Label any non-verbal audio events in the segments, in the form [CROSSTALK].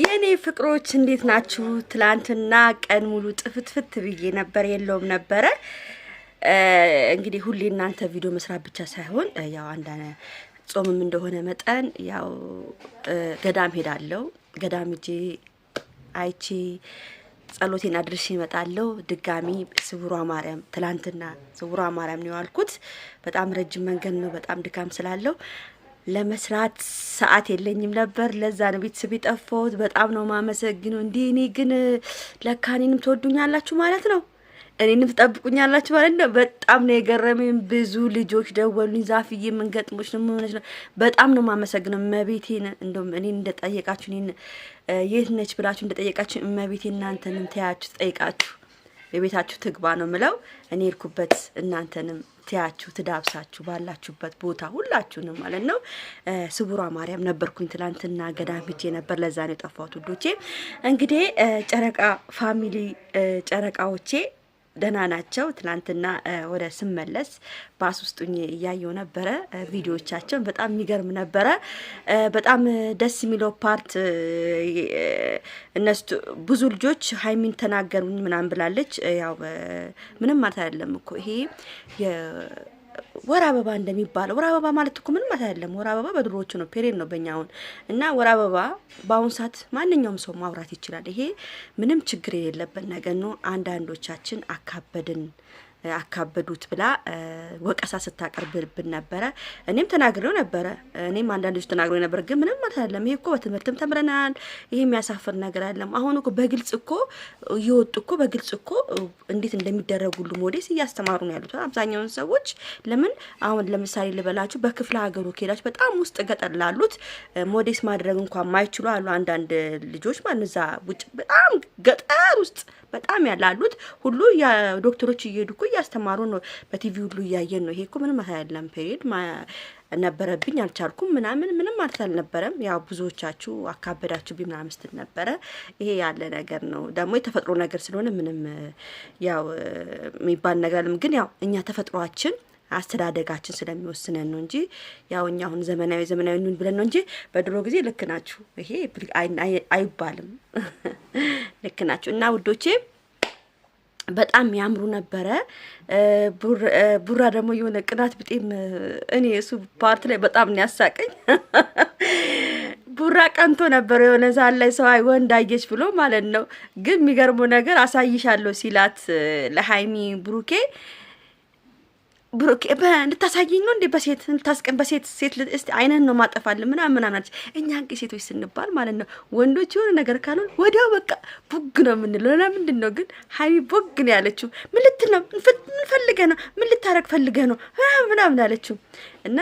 የእኔ ፍቅሮች እንዴት ናችሁ? ትላንትና ቀን ሙሉ ጥፍትፍት ብዬ ነበር፣ የለውም ነበረ። እንግዲህ ሁሌ እናንተ ቪዲዮ መስራት ብቻ ሳይሆን ያው አንዳነ ጾምም እንደሆነ መጠን ያው ገዳም ሄዳለው። ገዳም እጄ አይቼ ጸሎቴን አድርሼ እመጣለሁ። ድጋሚ ስውሯ ማርያም ትላንትና ስውሯ ማርያም ነው ያልኩት። በጣም ረጅም መንገድ ነው፣ በጣም ድካም ስላለው ለመስራት ሰዓት የለኝም ነበር። ለዛ ነው ቤተሰብ የጠፋሁት። በጣም ነው ማመሰግነው። እንዲህ እኔ ግን ለካ እኔንም ትወዱኛላችሁ ማለት ነው፣ እኔንም ትጠብቁኛላችሁ ማለት ነው። በጣም ነው የገረመኝ። ብዙ ልጆች ደወሉኝ። ዛፍዬ የምንገጥሞች ነው ምሆነች ነው። በጣም ነው ማመሰግነው። መቤቴን። እንደም እኔን እንደጠየቃችሁ እኔን የት ነች ብላችሁ እንደጠየቃችሁ መቤቴ፣ እናንተንም ተያችሁ ትጠይቃችሁ የቤታችሁ ትግባ ነው ምለው እኔ ልኩበት እናንተንም ትያችሁ ትዳብሳችሁ ባላችሁበት ቦታ ሁላችሁንም ማለት ነው። ስቡራ ማርያም ነበርኩኝ ትላንትና ገዳምቼ ነበር። ለዛ ነው የጠፋሁት ውዶቼ። እንግዲህ ጨረቃ ፋሚሊ ጨረቃዎቼ ደህና ናቸው። ትናንትና ወደ ስመለስ ባስ ውስጡኝ እያየው ነበረ ቪዲዮቻቸውን። በጣም የሚገርም ነበረ። በጣም ደስ የሚለው ፓርት እነሱ ብዙ ልጆች ሀይሚን ተናገሩኝ ምናምን ብላለች። ያው ምንም ማለት አይደለም እኮ ይሄ ወር አበባ እንደሚባለው ወር አበባ ማለት እኮ ምንም አይደለም። ወር አበባ በድሮዎቹ ነው፣ ፔሬድ ነው በእኛ አሁን እና ወር አበባ በአሁኑ ሰዓት ማንኛውም ሰው ማውራት ይችላል። ይሄ ምንም ችግር የሌለበት ነገር ነው። አንዳንዶቻችን አካበድን አካበዱት ብላ ወቀሳ ስታቀርብብን ነበረ። እኔም ተናግሬው ነበረ። እኔም አንዳንዶች ተናግሬው ነበር። ግን ምንም ማለት አይደለም። ይሄ እኮ በትምህርትም ተምረናል። ይሄ የሚያሳፍር ነገር አይደለም። አሁን እኮ በግልጽ እኮ እየወጡ እኮ በግልጽ እኮ እንዴት እንደሚደረጉ ሞዴስ እያስተማሩ ነው ያሉት አብዛኛውን ሰዎች። ለምን አሁን ለምሳሌ ልበላችሁ፣ በክፍለ ሀገሩ ከሄዳችሁ በጣም ውስጥ ገጠር ላሉት ሞዴስ ማድረግ እንኳ ማይችሉ አሉ አንዳንድ ልጆች ማለት እዛ ውጭ በጣም ገጠር ውስጥ በጣም ያላሉት ሁሉ ዶክተሮች እየሄዱ እኮ እያስተማሩ ነው። በቲቪ ሁሉ እያየን ነው። ይሄ እኮ ምንም አታያለም። ፔሪድ ነበረብኝ አልቻልኩም ምናምን ምንም ማለት አልነበረም። ያው ብዙዎቻችሁ አካበዳችሁ ቢ ምናምን ስትል ነበረ። ይሄ ያለ ነገር ነው ደግሞ የተፈጥሮ ነገር ስለሆነ ምንም ያው የሚባል ነገር አለም። ግን ያው እኛ ተፈጥሯችን አስተዳደጋችን ስለሚወስነን ነው እንጂ ያው እኛ አሁን ዘመናዊ ዘመናዊ ኑን ብለን ነው እንጂ በድሮ ጊዜ ልክ ናችሁ፣ ይሄ አይባልም። [LAUGHS] ልክ ናችሁ እና ውዶቼ በጣም ያምሩ ነበረ። ቡራ ደግሞ የሆነ ቅናት ብጤም እኔ እሱ ፓርት ላይ በጣም ያሳቀኝ። [LAUGHS] ቡራ ቀንቶ ነበረ የሆነ ሰዓት ላይ ሰው አይ ወንድ አየች ብሎ ማለት ነው። ግን የሚገርመው ነገር አሳይሻለሁ ሲላት ለሀይሚ ብሩኬ ብሩክ እንድታሳየኝ ነው እንዴ? በሴት እንድታስቀን በሴት ሴት እስቲ አይነህን ነው ማጠፋል ምናምን ምናምን። እኛ እንግዲህ ሴቶች ስንባል ማለት ነው ወንዶች የሆነ ነገር ካልሆን ወዲያው በቃ ቡግ ነው የምንለው። ለምንድን ነው ግን ሀይሚ ቡግ ነው ያለችው? ምን ልትል ነው? ምን ፈልገ ነው? ምን ልታረግ ፈልገህ ነው? ምናምን አለችው እና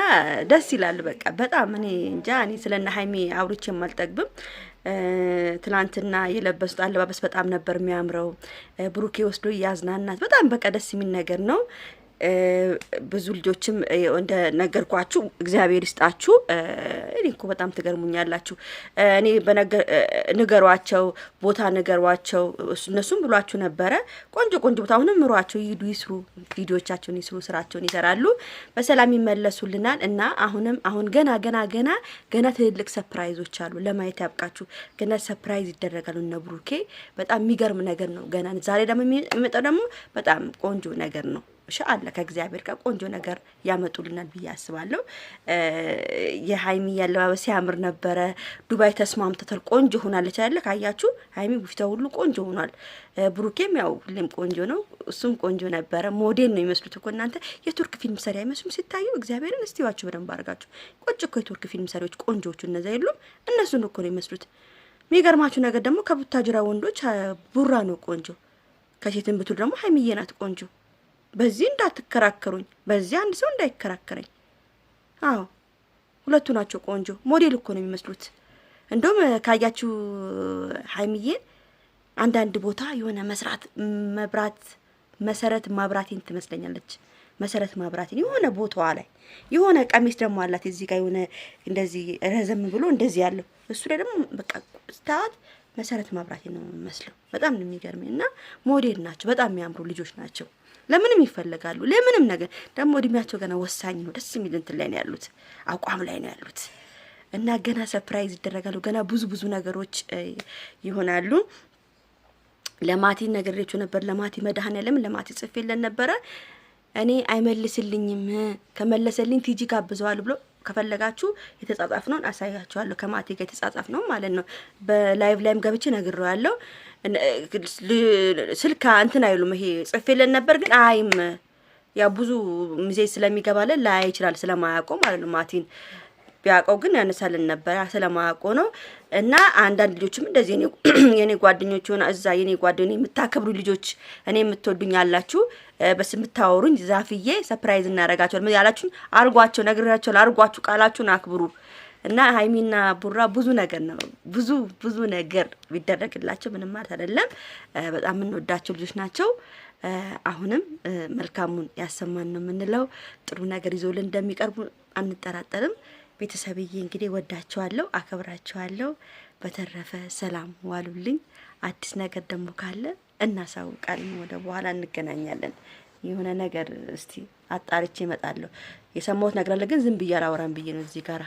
ደስ ይላል። በቃ በጣም እኔ እንጃ። እኔ ስለና ሀይሚ አውርቼ የማልጠግብም ትላንትና የለበሱት አለባበስ በጣም ነበር የሚያምረው። ብሩኬ ወስዶ እያዝናናት በጣም በቃ ደስ የሚል ነገር ነው። ብዙ ልጆችም እንደነገርኳችሁ እግዚአብሔር ይስጣችሁ። እኔ እኮ በጣም ትገርሙኛላችሁ። እኔ ንገሯቸው፣ ቦታ ንገሯቸው። እነሱም ብሏችሁ ነበረ። ቆንጆ ቆንጆ ቦታ አሁንም ምሯቸው፣ ይሂዱ፣ ይስሩ፣ ቪዲዮቻቸውን ይስሩ፣ ስራቸውን ይሰራሉ፣ በሰላም ይመለሱልናል እና አሁንም አሁን ገና ገና ገና ገና ትልልቅ ሰፕራይዞች አሉ። ለማየት ያብቃችሁ። ገና ሰፕራይዝ ይደረጋሉ። እነ ብሩኬ በጣም የሚገርም ነገር ነው። ገና ዛሬ ደግሞ የሚመጣው ደግሞ በጣም ቆንጆ ነገር ነው። ሻአላ ከእግዚአብሔር ጋር ቆንጆ ነገር ያመጡልናል ብዬ አስባለሁ። የሀይሚ ያለባበስ ያምር ነበረ። ዱባይ ተስማምተተል ቆንጆ ሆናለች አይደለ? ካያችሁ ሀይሚ ቡፊቷ ሁሉ ቆንጆ ሆኗል። ብሩኬም ያው ሁሌም ቆንጆ ነው። እሱም ቆንጆ ነበረ። ሞዴል ነው የሚመስሉት እኮ እናንተ። የቱርክ ፊልም ሰሪ አይመስሉም ሲታዩ። እግዚአብሔርን እስቲዋችሁ በደንብ አድርጋችሁ ቆጭ እኮ የቱርክ ፊልም ሰሪዎች ቆንጆዎቹ እነዛ የሉም። እነሱን እኮ ነው የሚመስሉት። የሚገርማችሁ ነገር ደግሞ ከቡታጅራ ወንዶች ቡራ ነው ቆንጆ። ከሴትን ብትሉ ደግሞ ሀይሚዬ ናት ቆንጆ። በዚህ እንዳትከራከሩኝ፣ በዚህ አንድ ሰው እንዳይከራከረኝ። አዎ ሁለቱ ናቸው ቆንጆ ሞዴል እኮ ነው የሚመስሉት። እንደውም ካያችሁ ሀይሚዬን አንዳንድ ቦታ የሆነ መስራት መብራት መሰረት ማብራቴን ትመስለኛለች። መሰረት ማብራቴን የሆነ ቦታዋ ላይ የሆነ ቀሚስ ደግሞ አላት እዚህ ጋር የሆነ እንደዚህ ረዘም ብሎ እንደዚህ ያለው እሱ ላይ ደግሞ በቃ ስታዋት መሰረት ማብራቴን ነው የሚመስለው። በጣም ነው የሚገርመኝ። እና ሞዴል ናቸው፣ በጣም የሚያምሩ ልጆች ናቸው። ለምንም ይፈልጋሉ። ለምንም ነገር ደግሞ እድሜያቸው ገና ወሳኝ ነው። ደስ የሚል እንትን ላይ ነው ያሉት፣ አቋም ላይ ነው ያሉት እና ገና ሰፕራይዝ ይደረጋሉ። ገና ብዙ ብዙ ነገሮች ይሆናሉ። ለማቲ ነገሬችው ነበር። ለማቲ መድኃኔዓለም ለማቲ ጽፌለን ነበረ። እኔ አይመልስልኝም ከመለሰልኝ ቲጂ ጋብዘዋል ብሎ ከፈለጋችሁ የተጻጻፍ ነውን አሳያችኋለሁ። ከማቴ ጋር የተጻጻፍ ነው ማለት ነው። በላይቭ ላይም ገብቼ ነግሬዋለሁ። ስልክ እንትን አይሉም። ይሄ ጽፌለን ነበር ግን አይም ያ ብዙ ሚዜ ስለሚገባለን ላይ ይችላል ስለማያውቀው ማለት ነው። ማቲን ቢያውቀው ግን ያነሳልን ነበር ስለማያውቀው ነው። እና አንዳንድ ልጆችም እንደዚህ የኔ [CLEARS THROAT] ጓደኞች ሆነ እዛ የኔ ጓደኞች የምታከብሩ ልጆች እኔ የምትወዱኝ ያላችሁ በስ የምታወሩኝ ዛፍዬ ሰፕራይዝ እናደርጋቸዋል ያላችሁን አርጓቸው፣ ነግሬያቸዋል። አርጓችሁ ቃላችሁን አክብሩ። እና ሀይሚና ቡራ ብዙ ነገር ነው ብዙ ብዙ ነገር ቢደረግላቸው ምንም ማለት አይደለም። በጣም የምንወዳቸው ልጆች ናቸው። አሁንም መልካሙን ያሰማን ነው የምንለው። ጥሩ ነገር ይዞልን እንደሚቀርቡ አንጠራጠርም። ቤተሰብዬ እንግዲህ ወዳችኋለሁ፣ አከብራችኋለሁ። በተረፈ ሰላም ዋሉልኝ። አዲስ ነገር ደግሞ ካለ እናሳውቃለን። ወደ በኋላ እንገናኛለን። የሆነ ነገር እስቲ አጣርቼ እመጣለሁ። የሰማሁት ነገር አለ ግን ዝም ብዬ አላወራም ብዬ ነው እዚህ ጋራ